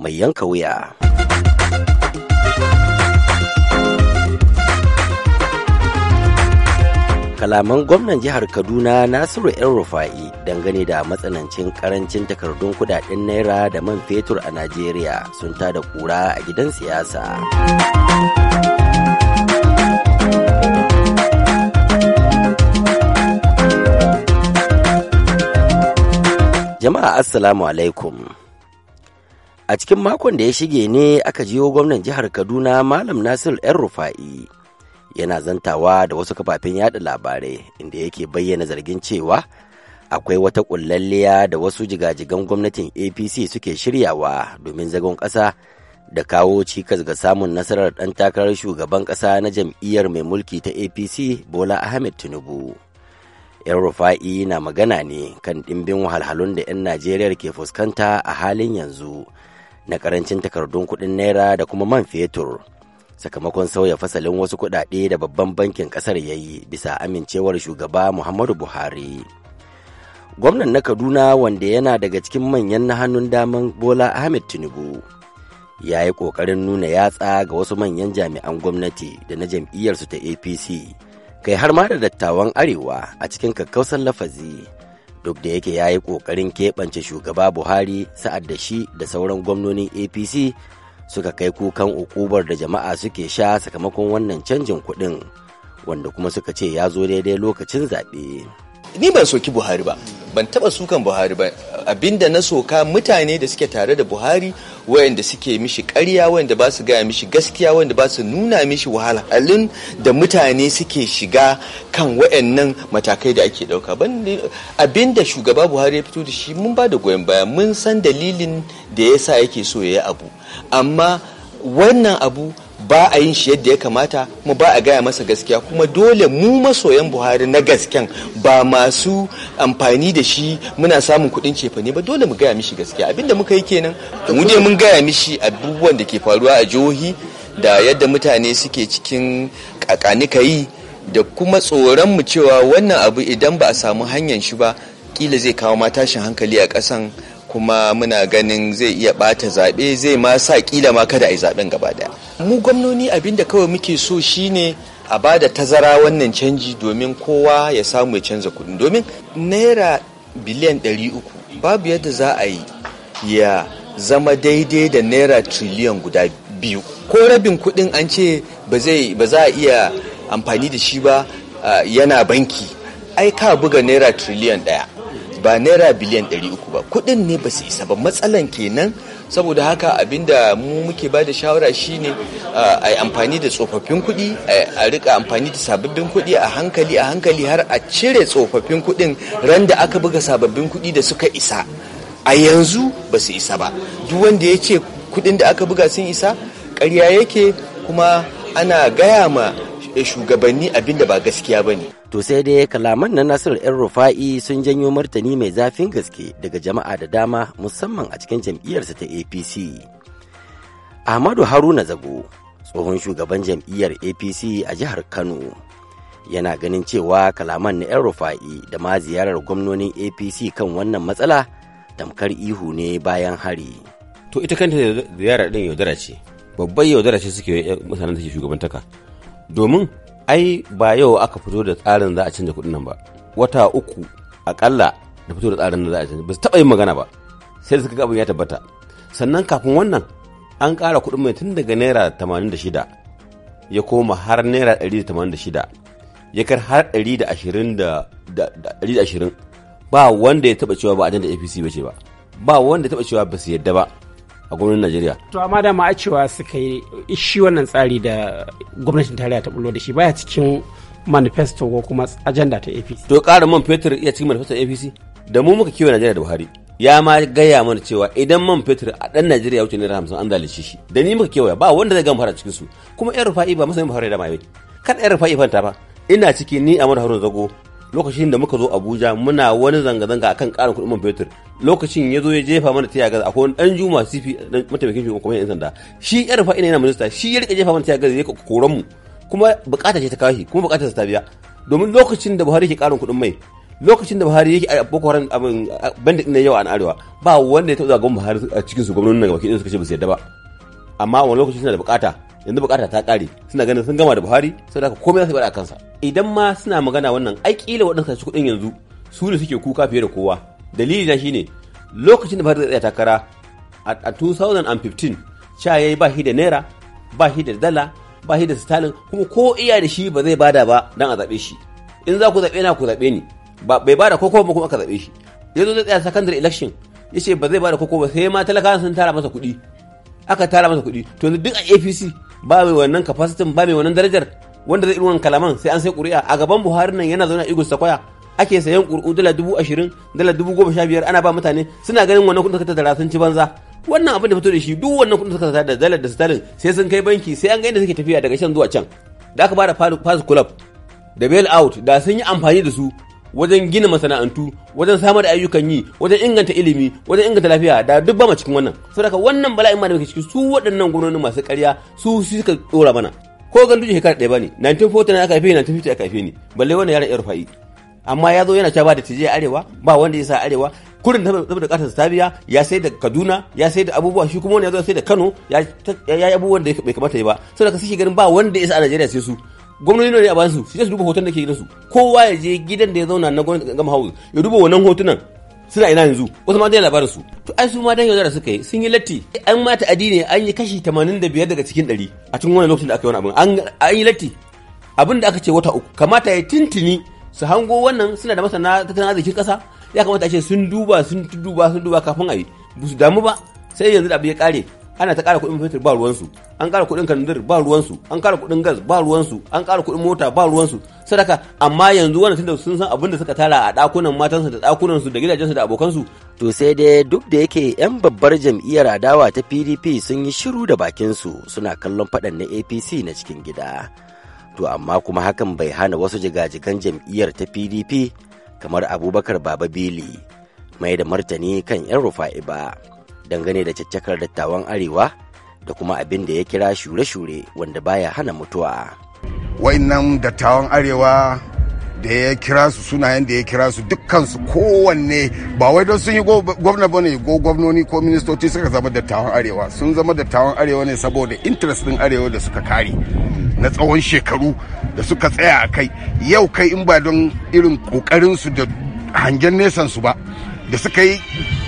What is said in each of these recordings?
mai yanka wuya. Kalaman gwamnan jihar Kaduna Nasiru ‘yan Rufa'i dangane da matsanancin karancin takardun kudaden Naira da man fetur a Najeriya sun tada kura a gidan siyasa. Assalamu alaikum. A cikin makon da ya shige ne aka jiwo gwamnan jihar Kaduna Malam Nasiru ‘yan Rufa'i yana zantawa da wasu kafafen yada labarai inda yake bayyana zargin cewa akwai wata ƙullalliya da wasu jigajigan gwamnatin APC suke shiryawa domin zagon ƙasa da kawo cikas ga samun nasarar ɗan takarar shugaban ƙasa na jam'iyyar mai mulki ta APC Bola Ahmed Tinubu. yan rufa'i na magana ne kan ɗimbin wahalhalun da 'yan najeriya ke fuskanta a halin yanzu na karancin takardun kuɗin naira da kuma man fetur sakamakon sauya fasalin wasu kuɗaɗe da babban bankin ƙasar ya yi bisa amincewar shugaba muhammadu buhari gwamnan na kaduna wanda yana daga cikin manyan na hannun daman bola ahmed tinubu ya yi ƙoƙarin nuna yatsa ga wasu manyan jami'an gwamnati da na jam'iyyarsu ta apc kai har ma da dattawan arewa a cikin kakkausan lafazi duk da yake ya yi ƙoƙarin keɓance shugaba buhari sa'ad da shi da sauran gwamnonin apc suka kai kukan ukubar da jama'a suke sha sakamakon wannan canjin kuɗin wanda kuma suka ce ya zo daidai lokacin zaɓe. ni ban soki buhari ba ban taba sukan buhari ba abinda na soka mutane da suke tare da buhari wayanda suke mishi karya wayanda ba su gaya mishi gaskiya wayanda ba su nuna mishi wahalhalun da mutane suke shiga kan wayannan matakai da ake dauka abinda shugaba buhari ya fito da shi mun ba da goyon baya mun san dalilin da yasa yake so ya yi abu amma wannan abu ba a yin shi yadda ya kamata kuma ba a gaya masa gaskiya kuma dole mu masoyan buhari na gasken ba masu amfani da shi muna samun kuɗin cefa ne ba dole mu gaya mishi gaskiya abinda muka yi kenan mu je mun gaya mishi abubuwan da ke faruwa a jihohi da yadda mutane suke cikin kakanika yi da kuma tsoron mu cewa wannan abu idan ba a samu hanyar shi ba kila zai kawo ma tashin hankali a kasan kuma muna ganin zai iya ɓata zaɓe zai ma sa kila ma kada a yi zaɓen gaba daya mu gwamnoni abinda kawai muke so shine a ba da tazara wannan canji domin kowa ya samu ya canza kudin domin naira biliyan 300 babu yadda za a yi ya zama daidai da naira triliyan guda biyu ko rabin kudin an ce ba za a iya amfani da shi ba yana banki ai ka buga naira triliyan daya ba naira biliyan 300 ba kudin ne ba su isa ba matsalan kenan saboda haka abinda mu muke ba da shawara shine a yi amfani da tsofaffin kuɗi a rika amfani da sababbin kuɗi a hankali a hankali har a cire tsofaffin kuɗin ran da aka buga sababbin kuɗi da suka isa a yanzu ba su isa ba duk wanda ya ce kuɗin da aka buga sun isa ƙarya yake kuma ana gaya ma shugabanni abinda ba gaskiya ba ne To sai dai kalaman na Nasiru ‘yan Rufa'i sun janyo martani mai zafin gaske daga jama'a da dama musamman a cikin jam'iyyarsa ta APC. Ahmadu Haruna Zago, tsohon shugaban jam'iyyar APC a jihar Kano, yana ganin cewa kalaman na ‘yan Rufa'i da ma ziyarar gwamnonin APC kan wannan matsala tamkar ihu ne bayan hari. To ita kanta ziyarar ɗin yaudara ce, babban yaudara ce suke mutanen da ke shugabantaka. Domin ai ba yau aka fito da tsarin za a canja kuɗin nan ba wata uku akalla da fito da tsarin za a canja ba su taɓa yin magana ba sai suka gabin ya tabbata sannan kafin wannan an ƙara kuɗin mai tun daga naira tamanin da shida ya koma har naira ɗari da tamanin da shida ya kar har ɗari da ashirin da ɗari da ashirin ba wanda ya taɓa cewa ba ajanda apc ba ce ba ba wanda ya taɓa cewa ba su yadda ba a gwamnatin Najeriya. To amma da ma cewa suka yi shi wannan tsari da gwamnatin tarayya ta bullo da shi baya cikin manifesto ko kuma ajanda ta APC. To ƙara man fetur iya cikin manifesto APC da mu muka kiwo Najeriya da Buhari. Ya ma gaya mana cewa idan man fetur a ɗan Najeriya wuce naira hamsin an zalice shi da ni muka kewaya ba wanda zai gama fara cikin su kuma yan rufa'i ba masanin Buhari da mai kan yan rufa'i fanta ba ina ciki ni Amadu Haruna Zago lokacin da muka zo abuja muna wani zanga-zanga akan karin kuɗin man fetur lokacin ya zo ya jefa mana tiya gaza akwai dan juma sifi mataimakin shugaban kuma yan sanda shi ya rufa ina yana minista shi ya rika jefa mana tiya gaza ya koran mu kuma bukata ce ta kashi kuma bukata ta biya domin lokacin da buhari ke karin kuɗin mai lokacin da buhari yake a boko haram abin bandit na yawa an arewa ba wanda ya taɓa zagon buhari a cikin su gwamnonin nan gabaki ɗin suka ce ba su yadda ba amma wani lokacin suna da bukata yanzu bukata ta kare suna ganin sun gama da buhari saboda da komai za su bada a kansa idan ma suna magana wannan ai kila waɗanda su kuɗin yanzu su ne suke kuka fiye da kowa dalili na shine lokacin da buhari zai tsaya takara a 2015 cha yayi ba shi da naira ba shi da dala ba shi da sitalin kuma ko iya da shi ba zai bada ba dan a zaɓe shi in za ku zaɓe na ku zaɓe ni ba bai bada koko ba kuma aka zaɓe shi yanzu zai tsaya secondary election yace ba zai bada koko ba sai ma talakawa sun tara masa kuɗi aka tara masa kuɗi to duk a apc ba mai wannan capacity ba mai wannan darajar wanda zai irin kalaman sai an sai ƙuri'a a gaban Buhari nan yana zaune a igus Sakwaya ake sayan ƙuri'u dala dubu ashirin dala dubu goma sha biyar ana ba mutane suna ganin wannan kuɗin suka tattara sun ci banza wannan abin da fito da shi duk wannan kuɗin suka tattara da dalar da sitalin sai sun kai banki sai an ga inda suke tafiya daga can zuwa can da aka ba da pass club da bail out da sun yi amfani da su wajen gina masana'antu wajen samar da ayyukan yi wajen inganta ilimi wajen inganta lafiya da duk ba mu cikin wannan saboda wannan bala'in ma da muke ciki su waɗannan gwamnoni masu ƙarya su suka dora mana ko gandu shekara ɗaya bane 1940 aka haife ni 1950 aka haife ni balle wannan yaron yar fa'i amma ya zo yana cewa da tije arewa ba wanda ya sa arewa kurin da da kasar tabiya ya sai da kaduna ya sai da abubuwa shi kuma wani ya zo sai da kano ya yi abubuwan da bai kamata ya ba saboda ka shi ganin ba wanda ya sa a najeriya sai su gwamnoni ne a ba su su duba hoton da ke gidansu kowa ya je gidan da ya zauna na gwamnati gama house ya duba wannan hotunan suna ina yanzu wasu ma zai labarin su to ai su ma dan yaudara suka yi sun yi latti an mata addini an yi kashi 85 daga cikin 100 a cikin wannan lokacin da aka yi wani abin an yi latti abin da aka ce wata uku kamata ya tintini su hango wannan suna da masana tattalin arzikin kasa ya kamata a ce sun duba sun duba sun duba kafin a yi ba su damu ba sai yanzu da abu ya kare ana ta ƙara kuɗin fetur ba ruwansu an ƙara kuɗin kandir ba ruwansu an ƙara kuɗin gas ba ruwansu an ƙara kuɗin mota ba ruwansu sadaka amma yanzu wannan tunda sun san abin da suka tara a ɗakunan matansu da ɗakunansu da gidajensu da abokansu. to sai dai duk da yake 'yan babbar jam'iyyar adawa ta pdp sun yi shiru da bakinsu suna kallon faɗan na apc na cikin gida to amma kuma hakan bai hana wasu jigajigan jam'iyyar ta pdp kamar abubakar baba bili mai da martani kan 'yan rufa'i ba. dangane da caccakar dattawan arewa da kuma abin da ya kira shure-shure wanda baya hana mutuwa. Wa'innan dattawan arewa da ya kira su sunayen da ya kira su dukkansu kowanne ba wai don sun yi gwamna ba ne ko gwamnoni ko ministoci suka zama dattawan arewa sun zama dattawan arewa ne saboda interest din arewa da suka kare na tsawon shekaru da suka tsaya a kai yau kai in ba don irin kokarinsu da hangen nesansu ba da suka yi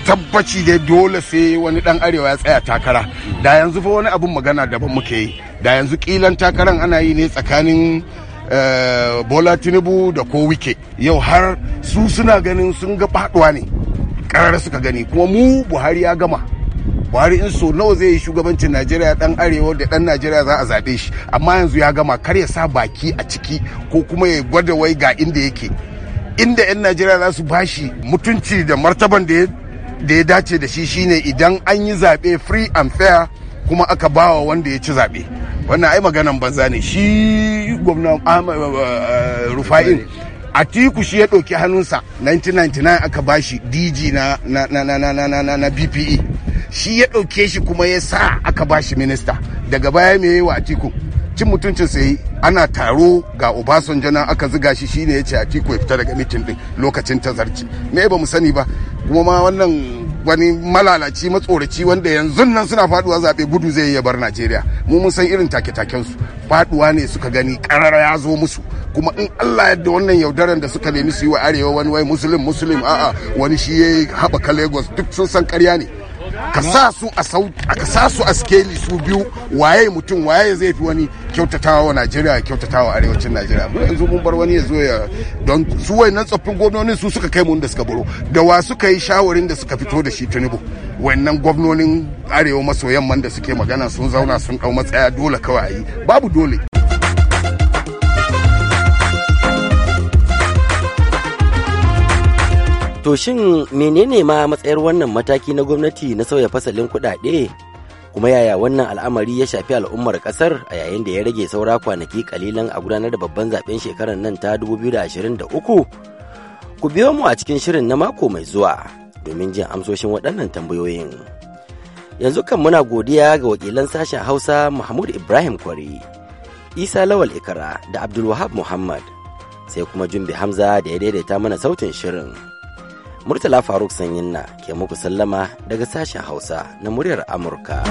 tabbaci dai dole sai wani dan arewa ya tsaya takara da yanzu fa wani abun magana daban muke yi da yanzu kilan takaran ana yi ne tsakanin eh, bola tinubu da ko wike yau har su suna ganin sun ga faduwa ne karar suka gani kuma mu buhari ya gama buhari in so nawa zai yi shugabancin najeriya dan arewa da dan najeriya za a zaɓe shi amma yanzu ya gama kar ya sa baki a ciki ko kuma ya gwada wai ga inda yake inda 'yan najeriya za su bashi mutunci da martaban da ya da ya dace da shi shine idan an yi zaɓe free and fair kuma aka bawa wanda ya ci zaɓe wannan ai maganan banza ne shi gwamnan ah, eh, rufa'in tiku shi ya ɗauki hannunsa 1999 aka bashi dg na na na na na bpe shi ya ɗauke shi kuma ya sa aka bashi minista daga baya me yi wa atiku cin mutuncin sai ana taro ga obasanjo na aka ziga shi shine ya ce atiku ya fita daga mitin din lokacin tazarci me ba mu sani ba kuma ma wannan wani malalaci matsoraci wanda yanzu nan suna faduwa zaɓe gudu zai ya bar najeriya mu mun san irin take-taken su faduwa ne suka gani karara ya zo musu kuma in allah yadda wannan yaudaran da suka nemi su yi wa arewa wani wai musulun musulun a'a wani shi ya haɓaka lagos duk sun san karya ne ka sa su a ka sa su a skeli su biyu waye mutum waye zai fi wani kyautatawa wa Najeriya kyautatawa arewacin Najeriya mu yanzu mun bar wani ya zo ya don su wayannan tsoffin gwamnonin su suka kai mu da suka baro da wa suka yi shawarin da suka fito da shi Tinubu wayannan gwamnonin arewa maso yamman da suke magana sun zauna sun dau matsaya dole kawai babu dole To shin menene ma matsayar wannan mataki na gwamnati na sauya fasalin kuɗaɗe? Kuma yaya wannan al'amari ya shafi al'ummar ƙasar a yayin da ya rage saura kwanaki kalilan a gudanar da babban zaben shekarar nan ta 2023? Ku biyo mu a cikin shirin na mako mai zuwa domin jin amsoshin waɗannan tambayoyin. Yanzu kan muna godiya ga wakilan sashen Hausa Mahmud Ibrahim Kwari, Isa Lawal Ikara da Abdulwahab Muhammad, sai kuma Jumbi Hamza da ya daidaita mana sautin shirin. Murtala Faruk Sanyinna ke muku sallama daga sashen Hausa na muryar Amurka.